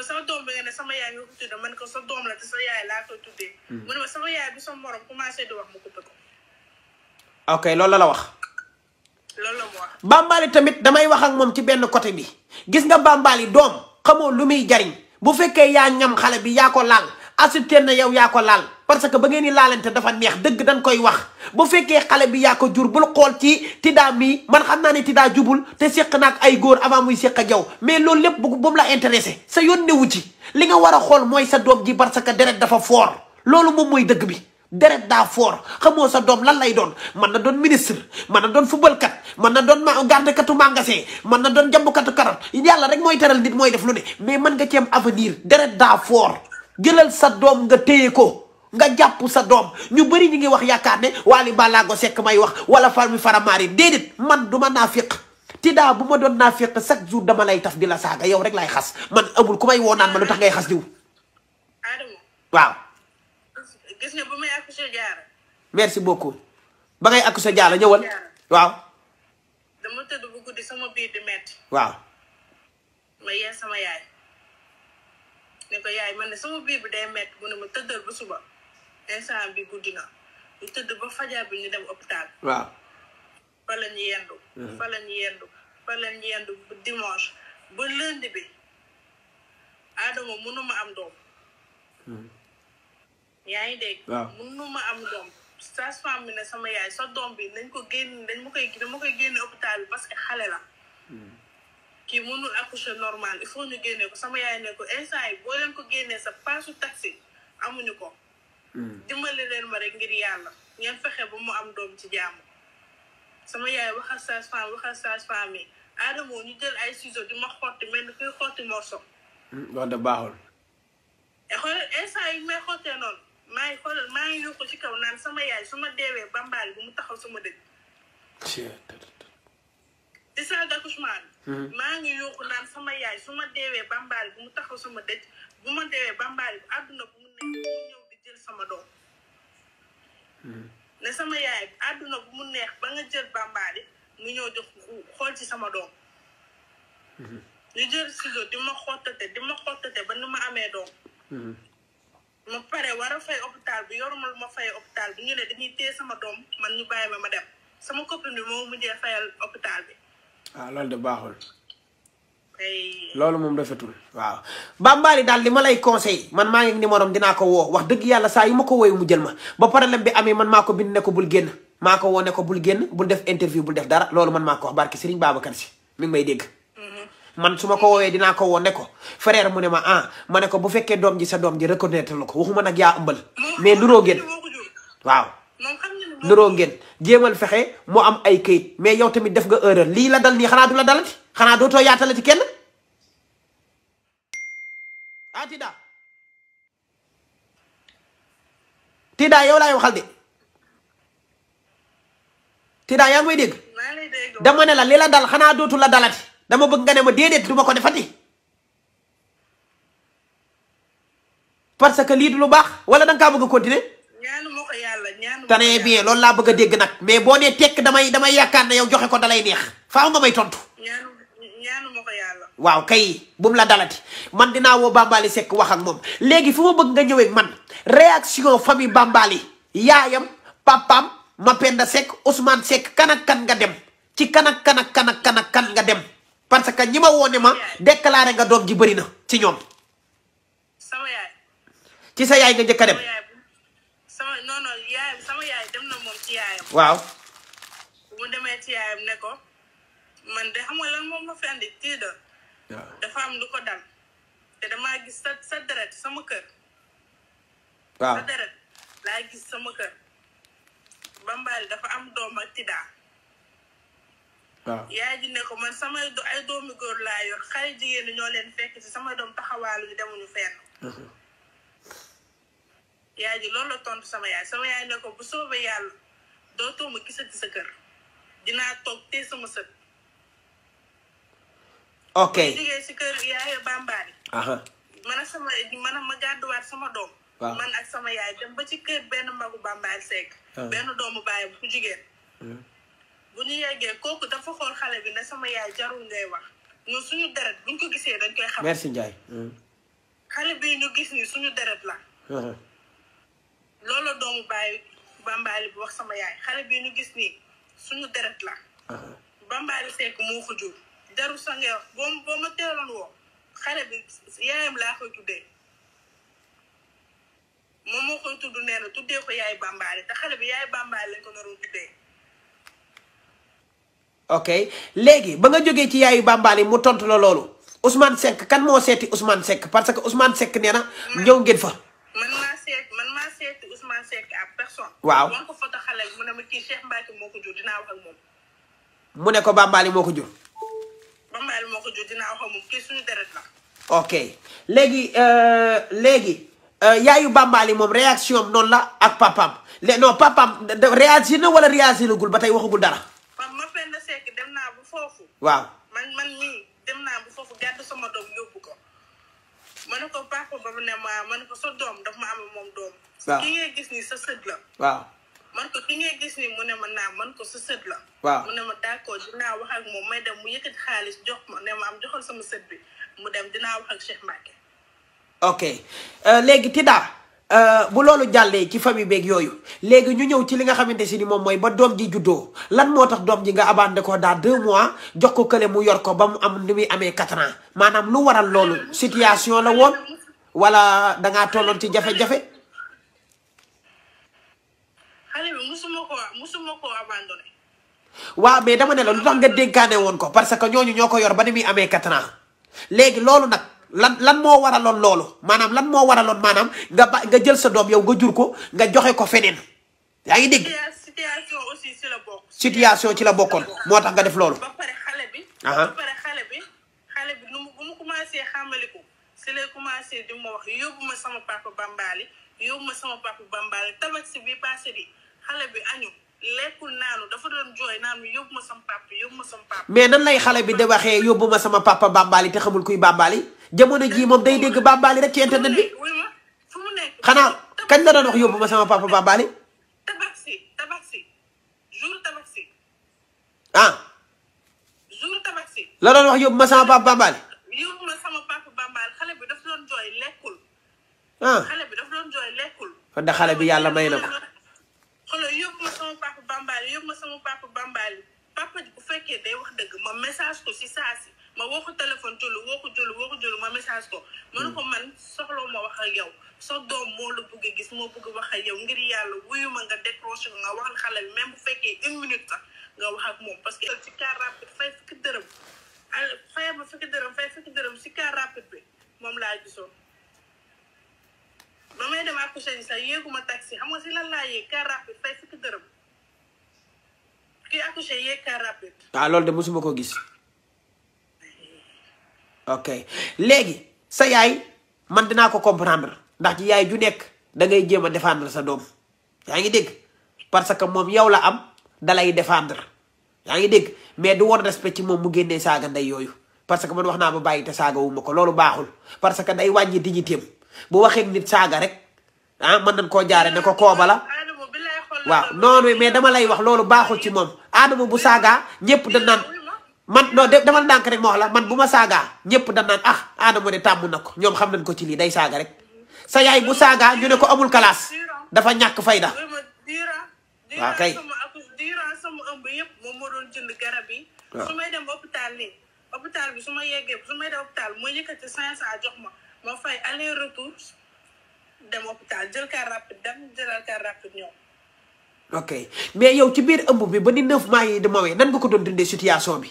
ma sama doom ne sama yaay man ko sa doom la sa yaay hmm. sama yaay bi sa morom commencé di ok loolu la wax. loolu la mu wax. bambaali tamit damay wax ak moom ci benn côté bi gis nga bambaali doom xamoo lu muy jariñ bu fekkee yaa ñam xale bi yaa ko laal. acide kenn yow yaa ko laal parce que ba ngeen di laalante dafa neex dëgg dañ koy wax bu fekkee xale bi yaa ko jur bul xool ci Tida mii man xam naa ne Tida jubul te seq naag ay góor avant muy seq ak mais loolu lépp bu mu la intéressé sa yoon newu ci li nga war a xool mooy sa doom parce que deret dafa fort loolu moom mooy dëgg bi deret daa fort xamoo sa doom lan lay doon mën na doon ministre man na doon footballkat mën na doon ma gardekatu magasin mën na doon jambukatu karat yàlla rek mooy teral nit mooy def lu ne mais mën nga ci am avenir deret daa fort jëlal sa doom nga téye ko nga jàpp sa doom ñu bëri ñu ngi wax yaakaar ne Wally Ballago Seck may wax wala Fami Faramari déedéet man du ma naafiq Tida bu ma doon naafiq chaque jour dama lay taf di la saaga yow rek laay xas man amul ku may woo naan ma lu tax ngay xas diw. waaw. ba may merci beaucoup. ba ngay sa jaara ñëwal. waaw. dama tëdd bu guddi sama biir sama yaay. ne ko yaay man ne sama biir bi day métti mu ne ma tëddal ba suba instant bi guddi na ñu tëdd ba fajar bi ñu dem hôpital. waaw. fa la ñu yendu. Mhm. fa la yendu bu dimanche ba lundi bi Adama mënuma am doom. Mhm. yaa ngi dégg. waaw ma am doom. sage-femme bi ne sama yaay sa doom bi nañ ko génn dañ ma koy dama koy génne hôpital bi parce que xale la. Mhm. kii mënul accoucher normal il faut ñu génne ko sama yaay ne ko instant yi boo leen ko génnee sa paasu taxi amuñu ko. Hmm. dimbali leen ma rek ngir yàlla ngeen fexe ba mu am doom ci jàmm. sama yaay waxal sage-femme waxal sage-femme yi Adamo ñu jël ay ciseaux di ma xotti mel ni kuy xotti morso. Hmm, loolu de eh, instant yi may noonu maa ngi xoolal maa ngi yuuxu ci kaw naan sama yaay su ma deewee bambaali bu mu taxaw sama dëkk. ci salle d'accouchement Mm-hmm. maa ngi yokku naan sama yaay su ma deewee bambaali bu mu taxaw sama dëj bu ma deewee bambaali bu àdduna bu mu ñëw di jël sama doom mm-hmm. ne sama yaay àdduna bu mu neex ba nga jël bambaali mu ñëw jox xool ci sama doom mm-hmm. ñu jël ciseau di ma xottate di ma xottate ba ni ma amee doom ma pare war a fay hôpital bi yoruma lu ma fay hôpital bi ñu ne dañuy téye sama doom man ñu bàyyi ma ma dem sama copine bi moo mujjee fayal hôpital bi waaw loolu de baaxul. loolu moom rafetul. waaw bambaali daal li ma lay conseil man maa ngi numéro am dinaa ko woo wax dëgg yàlla saa yi ma ko woowee mu jël ma ba problème bi amee man maa ko bind ne ko bul génn maa ko woo ko bul génn bul def interview bul def dara loolu man maa ko wax barki Serigne Babacar si mi may dégg. man su ma ko woowee dinaa ko woo ko frère mu ne ma ah ma ne ko bu fekkee doom ji sa doom ji reconnaître la ko waxuma nag yaa ëmbal mais nuroo génn waaw. nëroo ngeen jéemal fexe mu am ay kayit mais yow tamit def nga erreur lii la dal nii xanaa du la dalati xanaa dootoo yaatalati kenn ah Tida yow laay waxal de Tida yaa ngi may dégg dama ne la li la dal xanaa dootu la dalati dama bëgg nga ne ma déedéet du ma ko defati parce que lii du lu baax wala dan ka kaa bëgg a très bien loolu laa bëgg a dégg nag mais boo nee tekk damay damay yaakaar ne yow joxe ko dalay neex faaw nga may tontu. ñaanu ma ko waaw kay bu mu la dalati man dinaa woo Bambaly sekk wax ak moom léegi fu ma bëgg nga ñëwee man réaction famille Bambaly yaayam papaam Mapenda Seck sekk Seck sekk ak kan nga dem ci kan ak kan ak kan nga dem parce que ñi ma woone ma déclaré nga doom ji bëri na ci ñoom. sama ci sa yaay nga njëkk dem. waaw. bu demee ci ne ko man de xam nga lan moom ma fi andi dafa am lu ko dal te damaa gis sa sa deret sama kër. waaw sa deret laa gis sama kër. Bambaali dafa am doom ak Tida. waaw yaay ji ne ko man samay ay doomi góor laa yor xale jigéen ñi ñoo leen fekk ci sama doom taxawaalu ñu demuñu fenn. Mm-hmm. yaay ji loolu la tontu sama yaay sama yaay ne ko bu soobee yàlla. dootoo ma gisati sa kër dinaa toog te sama sët. ok bu ñu si kër yaaya bambaani. man ak sama man ak ma gàdduwaat sama doom. man ak sama yaay dem ba ci kër benn magu bambaani seeg. Ah. benn doomu baay bu jigéen. Hmm. bu ñu yeggee kooku dafa xool xale bi na sama yaay jarul ngay wax ñun suñu deret buñ ko gisee dañ koy xam. merci Ndiaye. Hmm. xale bii ñu gis ni suñu deret la. loolu doomu baay bambaali bi wax sama yaay xale bi ñu gis nii suñu deret la uh-huh. bambaali sekk moo ko jur daru sa ngay laa koy tuddee moom moo koy tudd nee tuddee ko yaay bambaali te xale bi yaay bambaali lañ ko naroon tuddee ok léegi ba nga jógee ci yaayu bambaali mu tontu la loolu Ousmane Seck kan moo seeti Ousmane sekk parce que Ousmane Seck nee na ñëw ngeen fa Seck à personne. waaw wan ko foto xale mu ne ma kii Cheikh Mbacke ko jur dinaa wax ak moom. mu ne ko Bambaali moo ko jur. Bambaali moo ko jur dinaa wax ak moom ok léegi euh, léegi euh, yaayu Bambaali moom réaction am noonu la ak papam le non papam réagir na wala réagiragul ba tey waxagul dara. waaw ma fenn Seck dem man mii dem naa bu foofu gàddu sama doom yóbbu. ma ne ko papa ba mu ne ma man ne ko sa doom daf ma am moom doom. waaw ki ngay gis ni sa sët la. waaw man ko ki ngay gis ni mu ne ma naam man ko sa sët la. waaw mu ne ma d'accord dinaa wax ak moom may dem mu yëkkati xaalis jox ma ne ma am joxal sama sët bi mu dem dinaa wax ak Cheikh Mbacke. ok euh, léegi Tida. Euh, bu loolu jàllee ci famille beeg yooyu léegi ñu ñëw ci li nga xamante si ni moom mooy ba doom ji juddoo lan moo tax doom ji nga abandé ko daal deux mois jox ko kële mu yor ko ba mu am ni muy amee quatre maanaam lu waral loolu situation la woon wala dangaa tolloon ci jafe-jafe. xale bi ko musuma ko abandonné. waaw mais dama ne la lu tax nga woon ko parce que ñooñu ñoo ko yor ba ni muy amee quatre léegi loolu nag. lan lan moo waraloon loolu maanaam lan moo waraloon maanaam nga ba nga jël sa doom yow nga jur ko nga joxe ko feneen yaa ngi dégg. situation aussi ci la bokk. situation ci la bokkoon moo tax nga def loolu. ba pare xale bi. ba xale bi xale bi nu bu commencé xàmmaliku si lay commencé di ma wax yóbbu ma sama papa Bambaali yóbbu ma sama papa Bambaali tabaski bi passé bi xale bi añu. lekkul naanu dafa doon jooy naan yóbbu ma sama papa yóbbu ma sama papa. mais nan lay xale bi de waxee yóbbu ma sama papa bàmbaali te xamul kuy bàmbaali. jamono jii moom day dégg bambaali rek ci internet bi xanaa kañ la doon wax yóbbu ma sama papa bambaali. ah. la doon wax yóbbu ma sama papa bambaali. yóbbu ma sama papa bambaali xale bi daf doon jooy lekkul. ah xale bi daf doon jooy lekkul. kon da xale bi yàlla may na ko. xoolal yóbbu ma sama papa bambaali yóbbu ma sama papa bambaali papa ji bu fekkee day wax dëgg ma message ko si saa si. ma woo ko téléphone jëlu woo ko jëlu woo ko jëlu ma message ko. ma ne mm. ko man soxla ma wax a yow soo doom moo la bëgg a gis moo bëgg wax ak yow ngir yàlla wuyu ma nga décroché ko nga wax xale bi même bu fekkee une minute sax nga wax ak moom parce que. ci car rapide fay fukki dërëm fay ma fukki dërëm fay fukki dërëm si car rapide bi moom laa gisoon. ba may dem accouché ni sax yéeguma taxi xam nga si lan laa yéeg car rapide fay fukki dërëm kii accouché yéeg car rapide. Ah, de mosuma ko gis. ok léegi sa yaay man dinaa ko comprendre ndax ci yaay ju nekk da ngay jéem a défendre sa doom yaa ngi dégg parce que moom yow la am dalay defendre yaa ngi dégg mais du woon respect ci moom mu génnee saaga ndey yooyu parce que man wax naa ba bàyyi te saaga wu ko loolu baaxul parce que day wàññi dignitéem bu waxee nit saaga rek ah mën nañ koo jaare ne ko kooba la waaw noonu mais dama lay wax loolu baaxul ci moom aadama bu saaga ñëpp da naan man non dama ndànk rek ma la man bu ma saagaa ñëpp da naan ah Adamo de tàmm na ko ñoom xam nañ ko ci lii day saaga rek sa yaay bu saagaa ñu ko amul kalaas dafa ñàkk fayda waaw kay. durant sama ëmb yëpp moom moo doon jënd garab yi. may dem hôpital nii bi su ma yeggee su may dem hôpital moo yëkkati jox ma ma fay aller retour dem hôpital jël car rapide dem jëlal car rapide ñëw. ok mais yow ci biir ëmb bi ba ni neuf mois yi mawee nan nga ko doon dundee situation bi.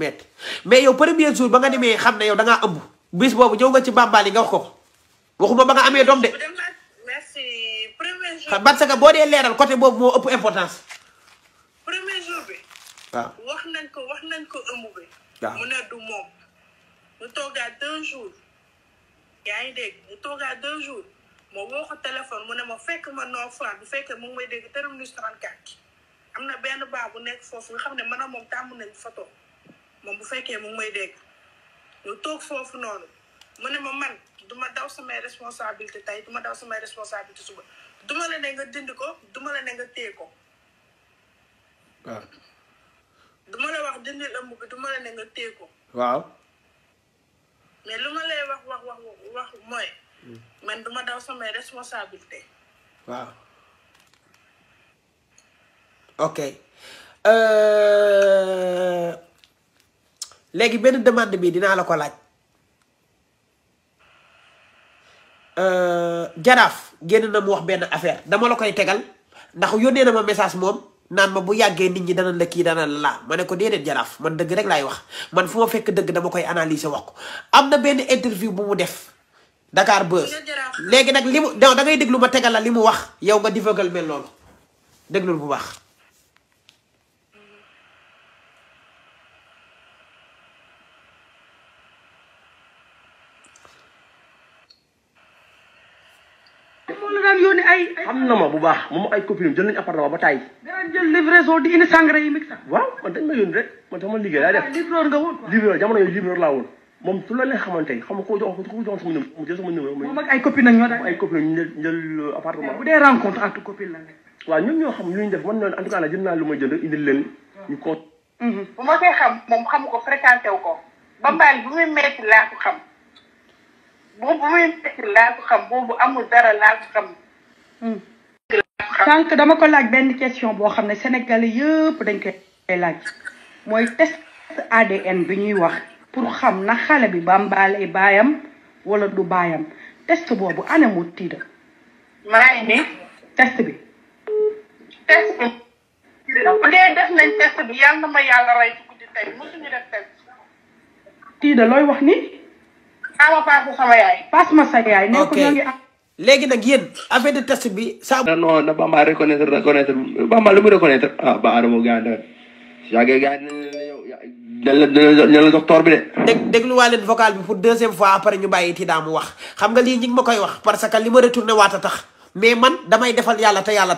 metti mais yow premier jour ba nga demee xam ne yow da ngaa ëmb bis boobu ñëw nga ci bàmbaali nga wax ko ko waxuma ba nga amee doom de. merci premier jour. parce que boo dee leeral côté boobu moo ëpp importance. premier jour wax nañ ko wax nañ ko ëmb bi. waaw mu du moom. mu toogaa deux jours. ngi dégg mu toogaa deux jours. ma woo ko téléphone mu ne ma fekk ma noo faa bu fekkee mu ngi may dégg terminus 34. am na benn baa bu nekk foofu nga xam ne man a moom tàmm nañ foto moom bu fekkee mu mooy may dégg ñu toog foofu noonu mu ne ma man duma daw samay responsabilité tey duma daw samay responsabilité suba duma la ne nga dindi ko duma la ne nga téye ko waaw duma la wax dindi a bi duma la ne nga téye ko waaw mais lu ma lay wax wax wax wax mooy man duma daw samay responsabilité waaw ok euh, léegi benn demande bi dinaa la ko laaj euh, jaraaf génn na mu wax benn affaire dama la koy tegal ndax yónnee na ma message moom naan ma bu yàggee nit ñi dana la kii dana la laa ma ne ko déedéet jaraaf man dëgg rek laay wax man fu ma fekk dëgg dama koy analyser wax ko am na benn interview bu mu def Dakar Buzz léegi nag li mu da ngay déglu ma tegal la li mu wax yow nga divagal mel loolu déglul bu baax. daan yónni ay. xam na ma bu baax moom ay copine jël nañu ba taay. daan jël livraison di indi sangare yi waaw man dañ ma yónni rek man sama liggéey yooyu laa woon. moom su la leen xamante xam ko jox sama numéro mu jël sama numéro. moom ak ay copine nag ñoo daan jël jël euh, bu dee rencontre entre copine la nekk. waaw mm-hmm. bu ma koy xam moom xam ko fréquenté ko. ba pare bu muy metti laa ko xam. boobu bu muy metti laa ko xam boobu amul dara laa ko xam Mm. sànq dama ko laaj benn question boo xam ne sénégalais yëpp dañ koy laaj mooy test ADN bi ñuy wax pour xam na xale bi bàmbaale baayam wala du baayam test boobu ana mu tiida maa test bi. na ma yàlla rey tiida looy wax ni. ama sa yaay. ok ne ko ñoo léegi nag yéen affaire de test bi. saa non ma Bamba reconnaître reconnaître Bamba lu mu reconnaître ah ba Adamo gars da yàggee gars dañ la bi de. dégg dégluwaa leen vocal bi pour deuxième fois après ñu bàyyi Tida mu wax xam nga lii ñi ma koy wax parce que li ma retourné waat tax mais man damay defal yàlla te yàlla.